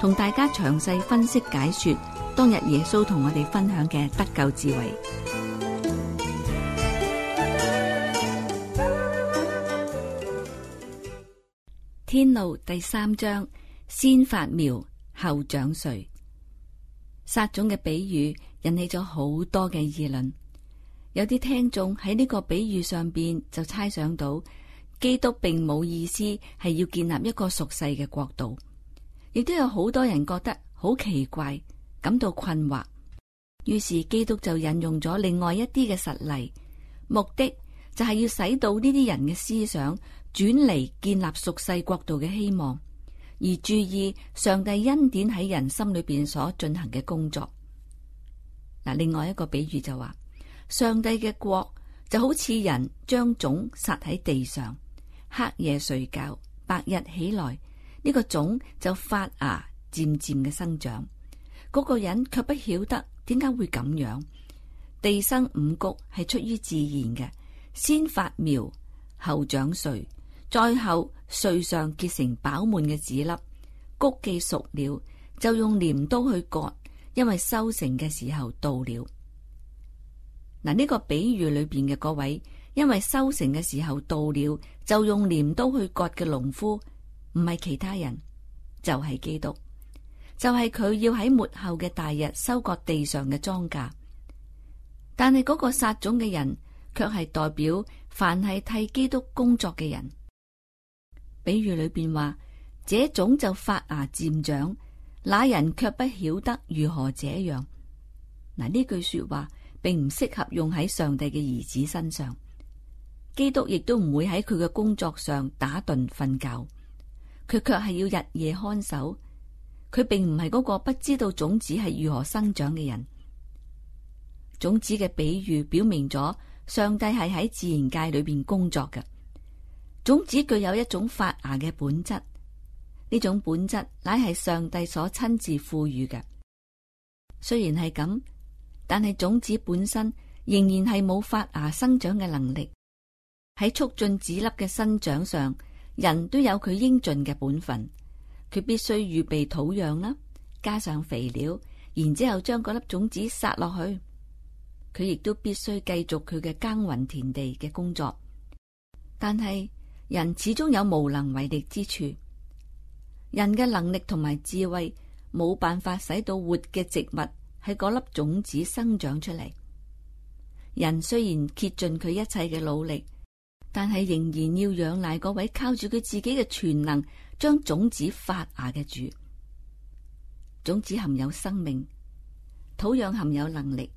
同大家詳細分析解說當日耶穌同我哋分享嘅得救智慧。天路第三章，先發苗後長穗，撒種嘅比喻引起咗好多嘅議論。有啲聽眾喺呢個比喻上邊就猜想到，基督並冇意思係要建立一個屬世嘅國度。亦都有好多人覺得好奇怪，感到困惑。於是基督就引用咗另外一啲嘅實例，目的就係要使到呢啲人嘅思想轉嚟建立屬世國度嘅希望，而注意上帝恩典喺人心裏邊所進行嘅工作。嗱，另外一個比喻就話、是，上帝嘅國就好似人將種撒喺地上，黑夜睡覺，白日起來。呢個種就發芽，漸漸嘅生長。嗰、那個人卻不曉得點解會咁樣。地生五穀係出於自然嘅，先發苗，後長穗，再後穗上結成飽滿嘅籽粒。穀既熟了，就用鐮刀去割，因為收成嘅時候到了。嗱，呢個比喻裏邊嘅嗰位，因為收成嘅時候到了，就用鐮刀去割嘅農夫。唔係其他人，就係基督，就係佢要喺末後嘅大日收割地上嘅莊稼。但係嗰個撒種嘅人，卻係代表凡係替基督工作嘅人。比喻裏邊話，這種就發芽漸長，那人卻不曉得如何這樣。嗱，呢句說話並唔適合用喺上帝嘅兒子身上。基督亦都唔會喺佢嘅工作上打盹瞓覺。佢卻係要日夜看守，佢並唔係嗰個不知道種子係如何生長嘅人。種子嘅比喻表明咗上帝係喺自然界裏邊工作嘅。種子具有一種發芽嘅本質，呢種本質乃係上帝所親自賦予嘅。雖然係咁，但係種子本身仍然係冇發芽生長嘅能力。喺促進籽粒嘅生長上，人都有佢應盡嘅本分，佢必須預備土壤啦，加上肥料，然之後將嗰粒種子撒落去，佢亦都必須繼續佢嘅耕耘田地嘅工作。但係人始終有無能為力之處，人嘅能力同埋智慧冇辦法使到活嘅植物喺嗰粒種子生長出嚟。人雖然竭盡佢一切嘅努力。但係仍然要仰賴嗰位靠住佢自己嘅全能，將種子發芽嘅主。種子含有生命，土壤含有能力，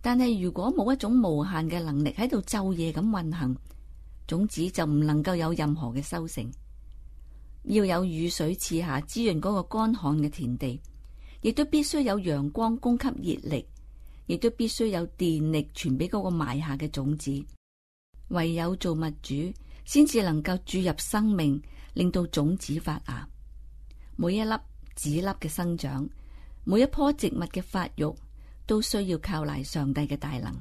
但係如果冇一種無限嘅能力喺度晝夜咁運行，種子就唔能夠有任何嘅收成。要有雨水賜下滋潤嗰個乾旱嘅田地，亦都必須有陽光供給熱力，亦都必須有電力傳俾嗰個埋下嘅種子。唯有做造物主，先至能夠注入生命，令到種子發芽。每一粒子粒嘅生長，每一棵植物嘅發育，都需要靠賴上帝嘅大能。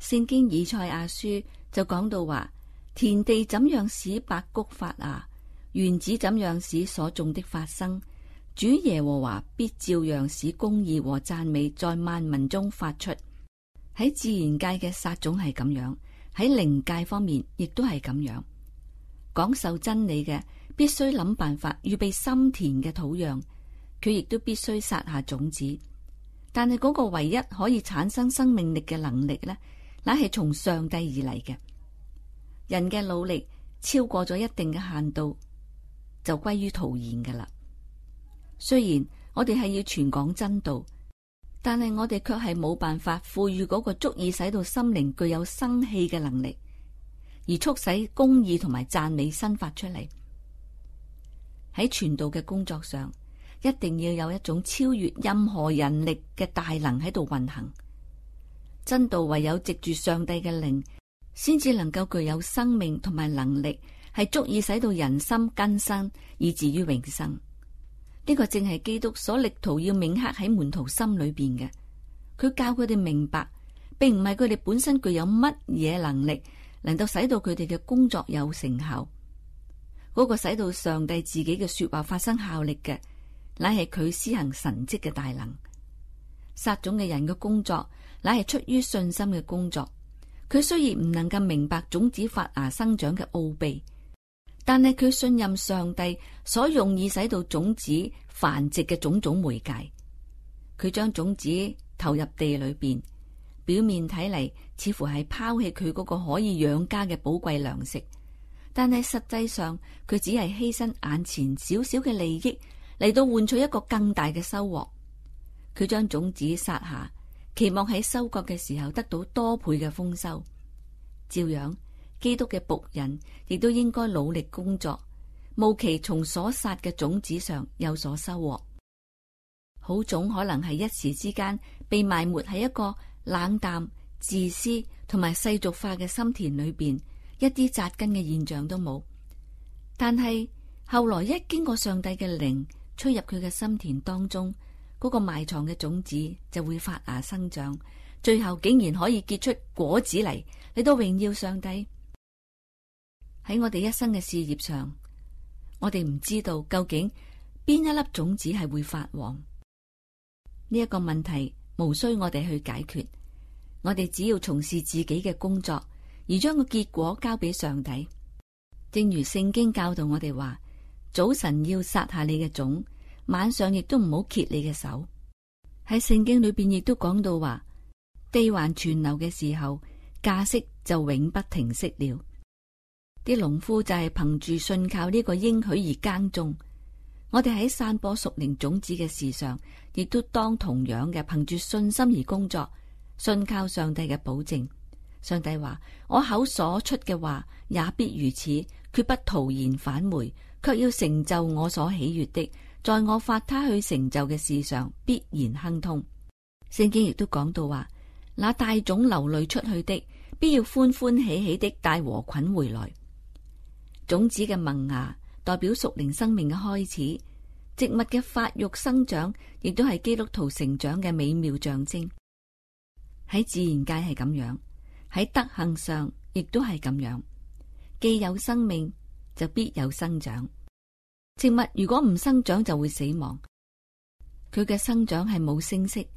聖經以賽亞書就講到話：田地怎樣使百穀發芽，園子怎樣使所種的發生，主耶和華必照樣使公義和讚美在萬民中發出。喺自然界嘅撒種係咁樣。喺靈界方面，亦都係咁樣講授真理嘅，必須諗辦法預備心田嘅土壤，佢亦都必須撒下種子。但係嗰個唯一可以產生生命力嘅能力咧，乃係從上帝而嚟嘅。人嘅努力超過咗一定嘅限度，就歸於徒然噶啦。雖然我哋係要傳講真道。但係我哋卻係冇辦法賦予嗰個足以使到心靈具有生氣嘅能力，而促使公義同埋讚美生發出嚟。喺傳道嘅工作上，一定要有一種超越任何人力嘅大能喺度運行。真道唯有藉住上帝嘅靈，先至能夠具有生命同埋能力，係足以使到人心更生，以至於永生。呢個正係基督所力圖要銘刻喺門徒心裏邊嘅，佢教佢哋明白，並唔係佢哋本身具有乜嘢能力，能夠使到佢哋嘅工作有成效。嗰個使到上帝自己嘅說話發生效力嘅，乃係佢施行神蹟嘅大能。撒種嘅人嘅工作，乃係出於信心嘅工作。佢雖然唔能夠明白種子發芽生長嘅奧秘。但係佢信任上帝所用以使到種子繁殖嘅種種媒介，佢將種子投入地裏邊。表面睇嚟，似乎係拋棄佢嗰個可以養家嘅寶貴糧食，但係實際上佢只係犧牲眼前少少嘅利益嚟到換取一個更大嘅收穫。佢將種子撒下，期望喺收割嘅時候得到多倍嘅豐收，照樣，基督嘅僕人亦都應該努力工作，務期從所殺嘅種子上有所收穫。好種可能係一時之間被埋沒喺一個冷淡、自私同埋世俗化嘅心田裏邊，一啲紮根嘅現象都冇。但係後來一經過上帝嘅靈吹入佢嘅心田當中，嗰個埋藏嘅種子就會發芽生長，最後竟然可以結出果子嚟，你都榮耀上帝。喺我哋一生嘅事業上，我哋唔知道究竟邊一粒種子係會發黃。呢個問題，無需我哋去解決。我哋只要從事自己嘅工作，而將個結果交俾上帝。正如聖經教導我哋話：早晨要撒下你嘅種，晚上亦都唔好歇你嘅手。喺聖經裏邊亦都講到話：地還存留嘅時候，稼穡就永不停息了。啲農夫就係憑住信靠呢個應許而耕種。我哋喺散播屬靈種子嘅事上，亦都當同樣嘅，憑住信心而工作，信靠上帝嘅保證。上帝話：我口所出嘅話也必如此，決不徒然返回，卻要成就我所喜悅的，在我發他去成就嘅事上必然亨通。聖經亦都講到話：那帶種流淚出去的，必要歡歡喜喜的帶禾捆回來。種子嘅萌芽代表屬靈生命嘅開始，植物嘅發育生長亦都係基督徒成長嘅美妙象徵。喺自然界係咁樣，喺德行上亦都係咁樣。既有生命就必有生長，植物如果唔生長就會死亡。佢嘅生長係冇聲息，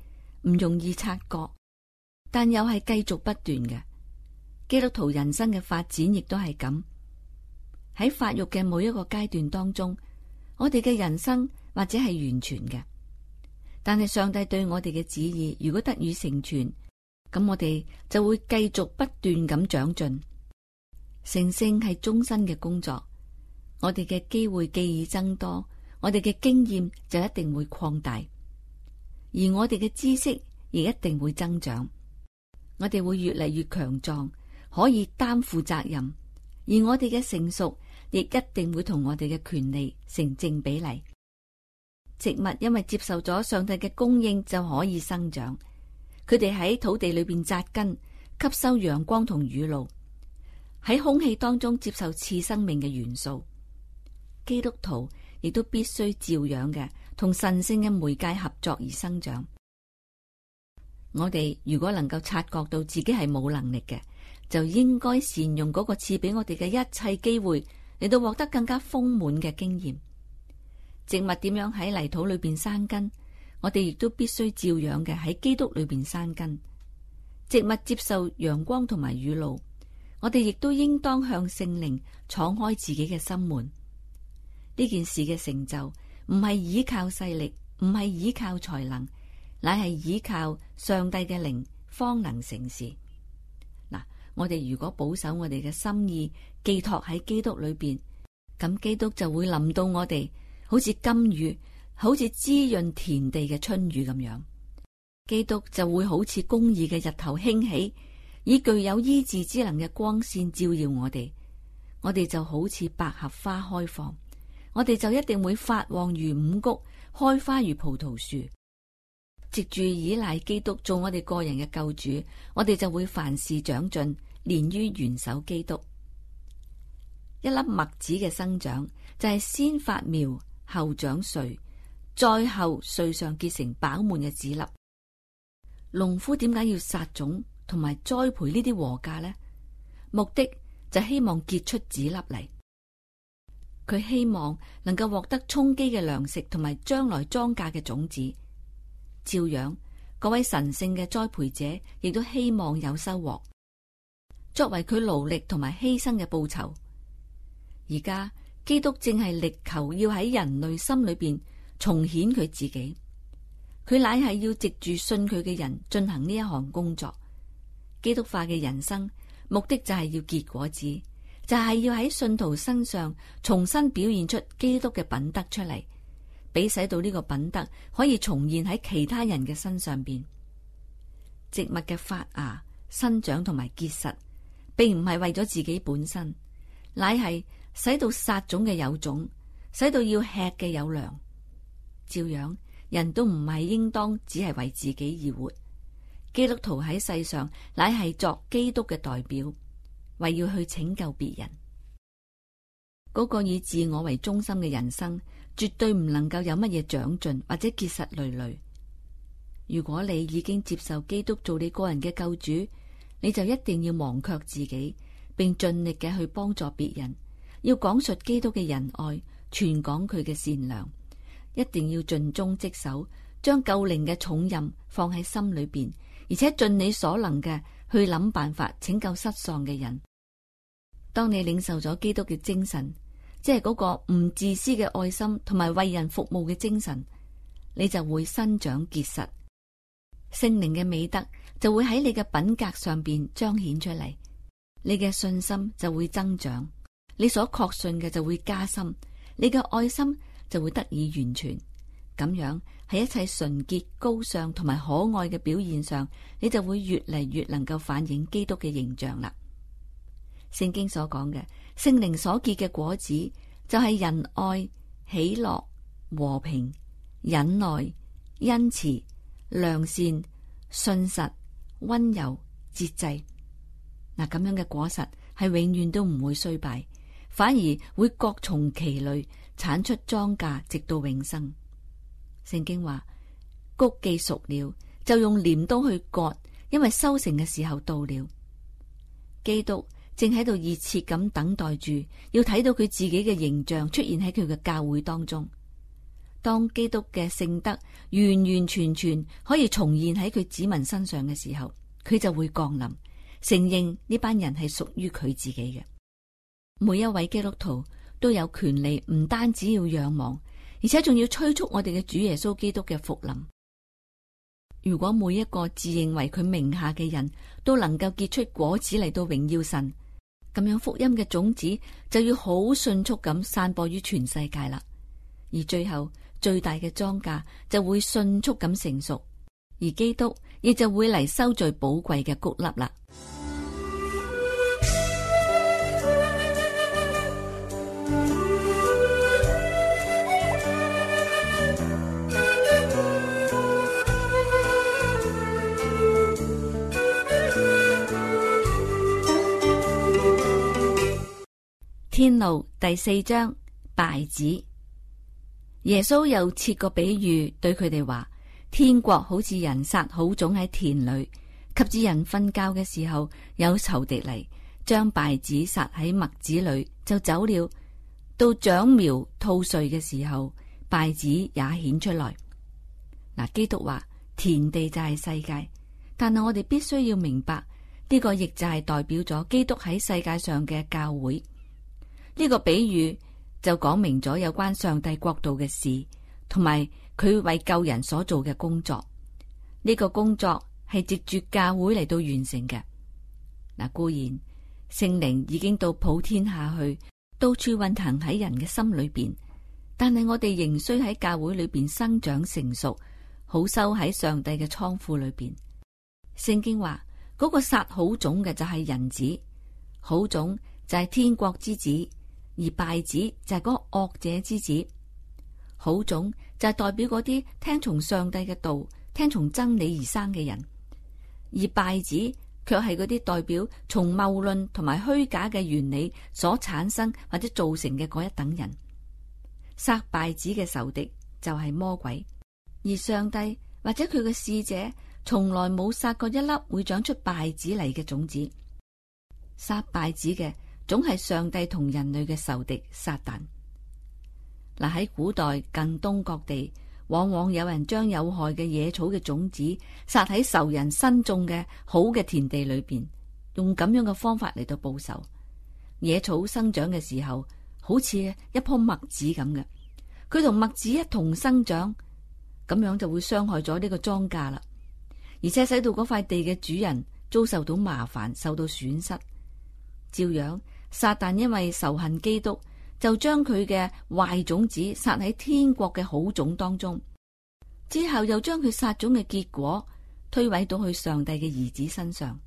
唔容易察覺，但又係繼續不斷嘅。基督徒人生嘅發展亦都係咁。喺發育嘅每一個階段當中，我哋嘅人生或者係完全嘅，但係上帝對我哋嘅旨意，如果得以成全，咁我哋就會繼續不斷咁長進。成聖係終身嘅工作，我哋嘅機會既已增多，我哋嘅經驗就一定會擴大，而我哋嘅知識亦一定會增長，我哋會越嚟越強壯，可以擔負責任。而我哋嘅成熟亦一定會同我哋嘅權利成正比例。植物因為接受咗上帝嘅供應就可以生長，佢哋喺土地裏邊扎根，吸收陽光同雨露，喺空氣當中接受次生命嘅元素。基督徒亦都必須照樣嘅，同神聖嘅媒介合作而生長。我哋如果能夠察覺到自己係冇能力嘅。就應該善用嗰個賜俾我哋嘅一切機會，嚟到獲得更加豐滿嘅經驗。植物點樣喺泥土裏邊生根，我哋亦都必須照樣嘅喺基督裏邊生根。植物接受陽光同埋雨露，我哋亦都應當向聖靈敞開自己嘅心門。呢件事嘅成就，唔係依靠勢力，唔係依靠才能，乃係依靠上帝嘅靈，方能成事。我哋如果保守我哋嘅心意，寄託喺基督裏邊，咁基督就會臨到我哋，好似甘雨，好似滋潤田地嘅春雨咁樣。基督就會好似公義嘅日頭興起，以具有醫治之能嘅光線照耀我哋，我哋就好似百合花開放，我哋就一定會發旺如五穀，開花如葡萄樹。藉住依賴基督做我哋個人嘅救主，我哋就會凡事長進，連於元首基督。一粒麥子嘅生長就係、是、先發苗，後長穗，再後穗上結成飽滿嘅籽粒。農夫點解要撒種同埋栽培呢啲禾稼呢？目的就是希望結出籽粒嚟，佢希望能夠獲得充飢嘅糧食同埋將來莊稼嘅種子。照樣，各位神聖嘅栽培者亦都希望有收穫，作為佢勞力同埋犧牲嘅報酬。而家基督正係力求要喺人類心裏邊重顯佢自己，佢乃係要藉住信佢嘅人進行呢一項工作。基督化嘅人生目的就係要結果子，就係要喺信徒身上重新表現出基督嘅品德出嚟。俾使到呢個品德可以重現喺其他人嘅身上邊。植物嘅發芽、生長同埋結實，並唔係為咗自己本身，乃係使到殺種嘅有種，使到要吃嘅有糧。照樣，人都唔係應當只係為自己而活。基督徒喺世上，乃係作基督嘅代表，為要去拯救別人。嗰、那個以自我為中心嘅人生。絕對唔能夠有乜嘢長進或者結實纍纍。如果你已經接受基督做你個人嘅救主，你就一定要忘卻自己，並盡力嘅去幫助別人，要講述基督嘅仁愛，傳講佢嘅善良，一定要盡忠職守，將救靈嘅重任放喺心裏面，而且盡你所能嘅去諗辦法拯救失喪嘅人。當你領受咗基督嘅精神，即係嗰個唔自私嘅愛心，同埋為人服務嘅精神，你就會生長結實，聖靈嘅美德就會喺你嘅品格上邊彰顯出嚟，你嘅信心就會增長，你所確信嘅就會加深，你嘅愛心就會得以完全。咁樣喺一切純潔、高尚同埋可愛嘅表現上，你就會越嚟越能夠反映基督嘅形象啦。聖經所講嘅。聖靈所結嘅果子就係仁愛、喜樂、和平、忍耐、恩慈、良善、信實、溫柔、節制。嗱，咁樣嘅果實係永遠都唔會衰敗，反而會各從其類，產出莊稼，直到永生。聖經話：穀既熟了，就用鐮刀去割，因為收成嘅時候到了。基督。正喺度熱切咁等待住，要睇到佢自己嘅形象出現喺佢嘅教會當中。當基督嘅聖德完完全全可以重現喺佢子民身上嘅時候，佢就會降臨，承認呢班人係屬於佢自己嘅。每一位基督徒都有權利，唔單止要仰望，而且仲要催促我哋嘅主耶穌基督嘅復臨。如果每一個自認為佢名下嘅人都能夠結出果子嚟到榮耀神。咁樣福音嘅種子就要好迅速咁散播於全世界啦，而最後最大嘅莊稼就會迅速咁成熟，而基督亦就會嚟收聚寶貴嘅穀粒啦。天路第四章稗子耶穌又設個比喻，對佢哋話：天國好似人撒好種喺田裏，及至人瞓覺嘅時候，有仇敵嚟將稗子撒喺麥子裏，就走了。到長苗吐穗嘅時候，稗子也顯出來。嗱，基督話田地就係世界，但係我哋必須要明白呢、這個亦就係代表咗基督喺世界上嘅教會。呢個比喻就講明咗有關上帝國度嘅事，同埋佢為救人所做嘅工作。呢、這個工作係藉住教會嚟到完成嘅。嗱，固然聖靈已經到普天下去，到處運行喺人嘅心裏邊，但係我哋仍需喺教會裏邊生長成熟，好收喺上帝嘅倉庫裏邊。聖經話嗰、那個撒好種嘅就係人子，好種就係天國之子。而稗子就係嗰個惡者之子，好種就係代表嗰啲聽從上帝嘅道、聽從真理而生嘅人，而稗子卻係嗰啲代表從謬論同埋虛假嘅原理所產生或者造成嘅嗰一等人。撒稗子嘅仇敵就係魔鬼，而上帝或者佢嘅使者從來冇撒過一粒會長出稗子嚟嘅種子。撒稗子嘅，總係上帝同人類嘅仇敵撒旦。嗱，喺古代近東各地，往往有人將有害嘅野草嘅種子撒喺仇人新種嘅好嘅田地裏邊，用咁樣嘅方法嚟到報仇。野草生長嘅時候，好似一棵麥子咁嘅，佢同麥子一同生長，咁樣就會傷害咗呢個莊稼啦，而且使到嗰塊地嘅主人遭受到麻煩，受到損失，照樣。撒旦因為仇恨基督，就將佢嘅壞種子撒喺天國嘅好種當中，之後又將佢撒種嘅結果推諉到去上帝嘅兒子身上。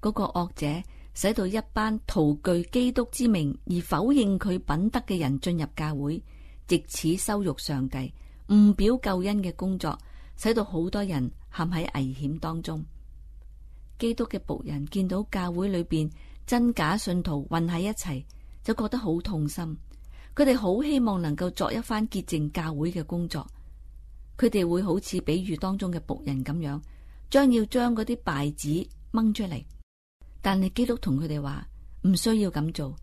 嗰、那個惡者使到一班徒具基督之名而否認佢品德嘅人進入教會，藉此羞辱上帝、誤表救恩嘅工作，使到好多人陷喺危險當中。基督嘅僕人見到教會裏邊。真假信徒混喺一齊，就覺得好痛心。佢哋好希望能夠作一番潔淨教會嘅工作。佢哋會好似比喻當中嘅僕人咁樣，將要將嗰啲稗子掹出嚟。但係基督同佢哋話唔需要咁做，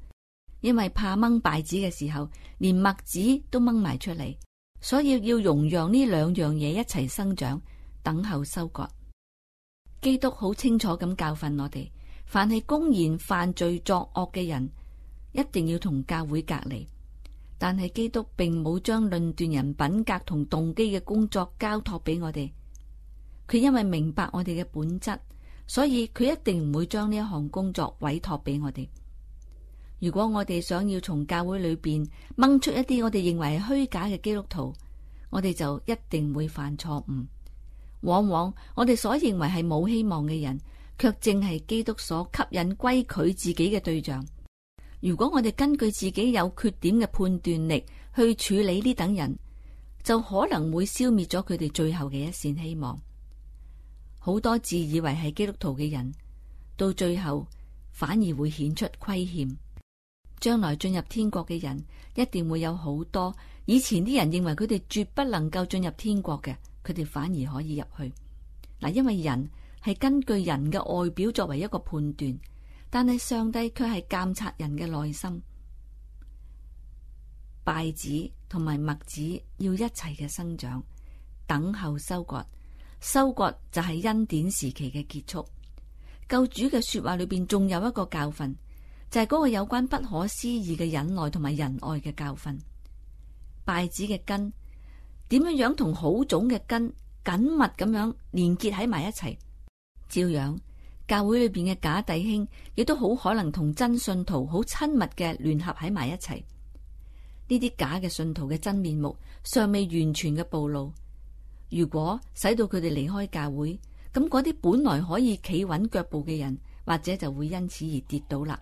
因為怕掹稗子嘅時候，連麥子都掹埋出嚟。所以要容讓呢兩樣嘢一齊生長，等候收割。基督好清楚咁教訓我哋。凡係公然犯罪作惡嘅人，一定要同教會隔離。但係基督並冇將論斷人品格同動機嘅工作交託俾我哋。佢因為明白我哋嘅本質，所以佢一定唔會將呢一項工作委託俾我哋。如果我哋想要從教會裏邊掹出一啲我哋認為係虛假嘅基督徒，我哋就一定會犯錯誤。往往我哋所認為係冇希望嘅人。卻正係基督所吸引歸佢自己嘅對象。如果我哋根據自己有缺點嘅判斷力去處理呢等人，就可能會消滅咗佢哋最後嘅一線希望。好多自以為係基督徒嘅人，到最後反而會顯出虧欠。將來進入天國嘅人，一定會有好多以前啲人認為佢哋絕不能夠進入天國嘅，佢哋反而可以入去。嗱，因為人。係根據人嘅外表作為一個判斷，但係上帝卻係監察人嘅內心。稗子同埋麥子要一齊嘅生長，等候收割。收割就係恩典時期嘅結束。救主嘅說話裏邊仲有一個教訓，就係、是、嗰個有關不可思議嘅忍耐同埋仁愛嘅教訓。稗子嘅根點樣樣同好種嘅根緊密咁樣連結喺埋一齊，照樣，教會裏邊嘅假弟兄亦都好可能同真信徒好親密嘅聯合喺埋一齊。呢啲假嘅信徒嘅真面目尚未完全嘅暴露。如果使到佢哋離開教會，咁嗰啲本來可以企穩腳步嘅人，或者就會因此而跌倒啦。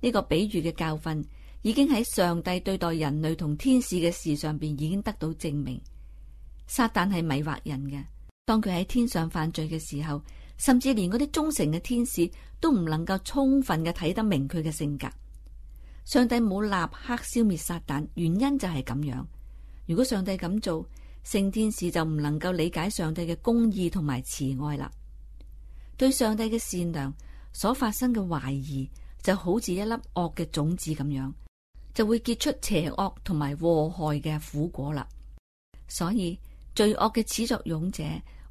呢個比喻嘅教訓已經喺上帝對待人類同天使嘅事上邊已經得到證明。撒旦係迷惑人嘅。當佢喺天上犯罪嘅時候，甚至連嗰啲忠誠嘅天使都唔能夠充分嘅睇得明佢嘅性格。上帝冇立刻消滅撒旦，原因就係咁樣。如果上帝咁做，聖天使就唔能夠理解上帝嘅公義同埋慈愛啦。對上帝嘅善良所發生嘅懷疑，就好似一粒惡嘅種子咁樣，就會結出邪惡同埋禍害嘅苦果啦。所以，罪惡嘅始作俑者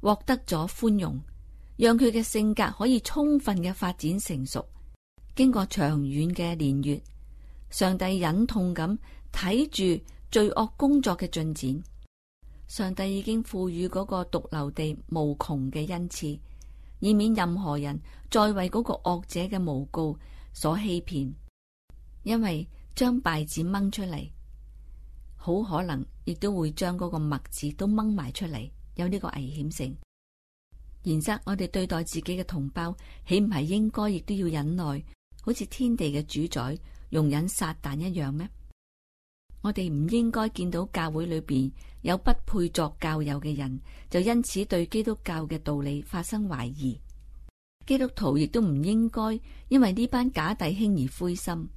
獲得咗寬容，讓佢嘅性格可以充分嘅發展成熟。經過長遠嘅年月，上帝忍痛咁睇住罪惡工作嘅進展。上帝已經賦予嗰個獨留地無窮嘅恩賜，以免任何人再為嗰個惡者嘅誣告所欺騙。因為將稗子掹出嚟，好可能亦都會將嗰個麥子都掹埋出嚟。有呢個危險性，然則我哋對待自己嘅同胞，豈唔係應該亦都要忍耐，好似天地嘅主宰容忍撒旦一樣咩？我哋唔應該見到教會裏邊有不配作教友嘅人，就因此對基督教嘅道理發生懷疑。基督徒亦都唔應該因為呢班假弟兄而灰心。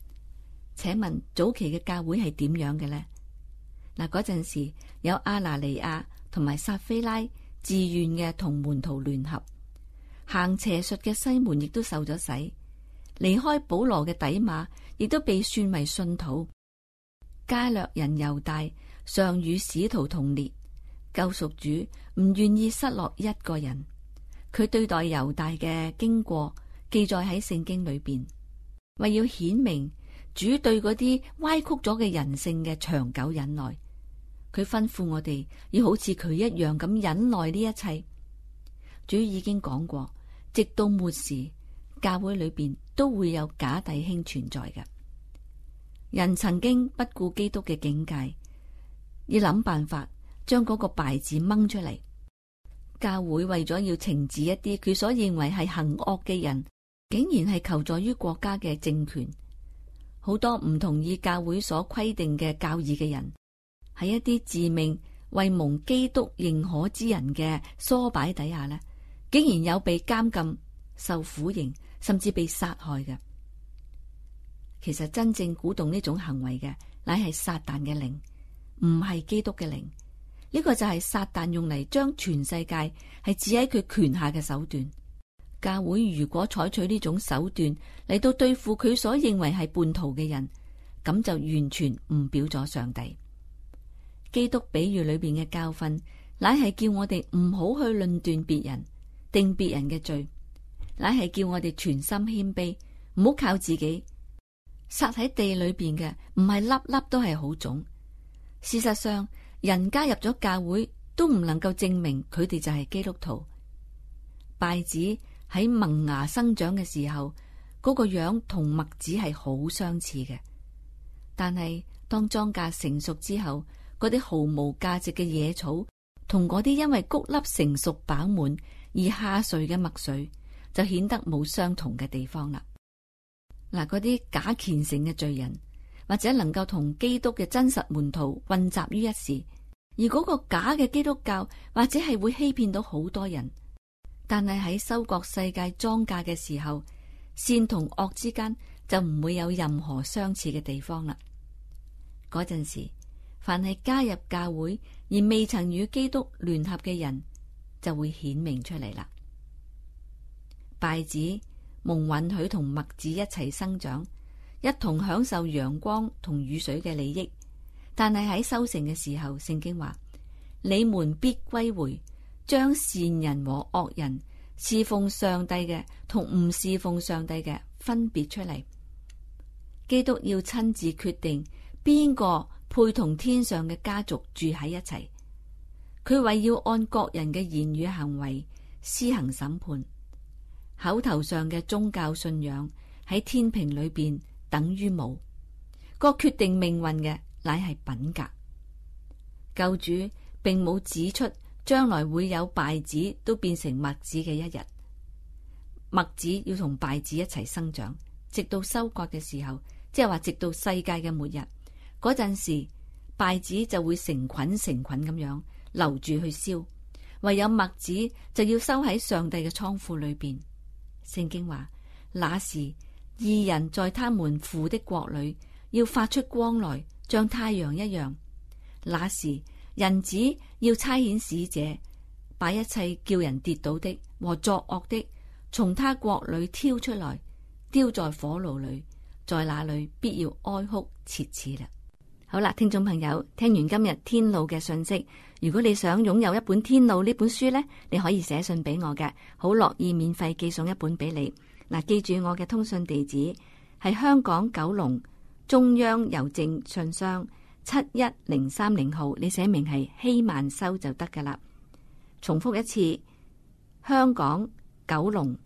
請問早期嘅教會係點樣嘅咧？嗱，嗰陣時有亞拿尼亞。同埋撒非拉自願嘅同門徒聯合行邪術嘅西門亦都受咗洗，離開保羅嘅底馬亦都被算為信徒。加略人猶大尚與使徒同列，救贖主唔願意失落一個人。佢對待猶大嘅經過記載喺聖經裏邊，為要顯明主對嗰啲歪曲咗嘅人性嘅長久忍耐。佢吩咐我哋要好似佢一樣咁忍耐呢一切。主已經講過，直到末時，教會裏邊都會有假弟兄存在嘅。人曾經不顧基督嘅境界，要諗辦法將嗰個稗子掹出嚟。教會為咗要懲治一啲佢所認為係行惡嘅人，竟然係求助於國家嘅政權。好多唔同意教會所規定嘅教義嘅人。喺一啲自命為蒙基督認可之人嘅梳擺底下呢，竟然有被監禁、受苦刑，甚至被殺害嘅。其實真正鼓動呢種行為嘅，乃係撒旦嘅靈，唔係基督嘅靈。呢、這個就係撒旦用嚟將全世界係置喺佢權下嘅手段。教會如果採取呢種手段嚟到對付佢所認為係叛徒嘅人，咁就完全誤表咗上帝。基督比喻裏邊嘅教訓，乃係叫我哋唔好去論斷別人，定別人嘅罪，乃係叫我哋全心謙卑，唔好靠自己。撒喺地裏邊嘅唔係粒粒都係好種。事實上，人家入咗教會都唔能夠證明佢哋就係基督徒。稗子喺萌芽生長嘅時候，嗰個樣同麥子係好相似嘅，但係當莊稼成熟之後，嗰啲毫無價值嘅野草，同嗰啲因為穀粒成熟飽滿而下垂嘅麥穗，就顯得冇相同嘅地方啦。嗱，嗰啲假虔誠嘅罪人，或者能夠同基督嘅真實門徒混雜於一時，而嗰個假嘅基督教或者係會欺騙到好多人，但係喺收割世界莊稼嘅時候，善同惡之間就唔會有任何相似嘅地方啦。嗰陣時。凡係加入教會而未曾與基督聯合嘅人，就會顯明出嚟啦。稗子蒙允許同麥子一齊生長，一同享受陽光同雨水嘅利益。但係喺收成嘅時候，聖經話，你們必歸回，將善人和惡人侍奉上帝嘅同唔侍奉上帝嘅分別出嚟。基督要親自決定邊個配同天上嘅家族住喺一齊，佢為要按各人嘅言語行為施行審判，口頭上嘅宗教信仰喺天平裏邊等於冇，各決定命運嘅乃係品格。救主並冇指出將來會有稗子都變成麥子嘅一日，麥子要同稗子一齊生長，直到收割嘅時候，即係話直到世界嘅末日。嗰陣時稗子就會成群成群咁樣留住去燒，唯有麥子就要收喺上帝嘅倉庫裏邊。聖經話：那時義人在他們父的國裏要發出光來，像太陽一樣。那時人子要差遣使者，把一切叫人跌倒的和作惡的從他國裏挑出來，丟在火爐裏，在那裏必要哀哭切齒啦。好啦，聽眾朋友，聽完今日天路嘅信息，如果你想擁有一本天路呢本書呢，你可以寫信俾我嘅，好樂意免費寄送一本俾你嗱、啊。記住我嘅通訊地址係香港九龍中央郵政信箱七一零三零號，你寫明係希曼修就得噶啦。重複一次，香港九龍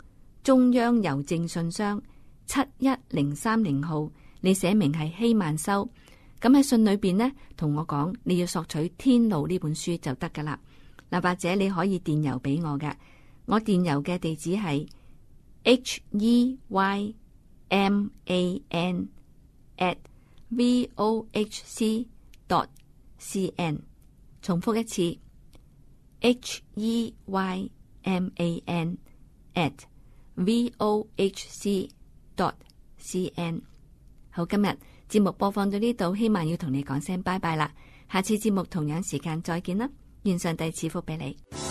中央郵政信箱七一零三零號，你寫明係希曼修。咁喺信裏邊咧，同我講你要索取《天路》呢本書就得噶啦。嗱，或者你可以電郵俾我嘅，我電郵嘅地址係 h e y m a n at v o h c dot c n。C c n，重複一次 h e y m a n at v o h c dot c n。好，今日。節目播放到呢度，希望要同你講聲拜拜啦！下次節目同樣時間再見啦，願上帝賜福俾你。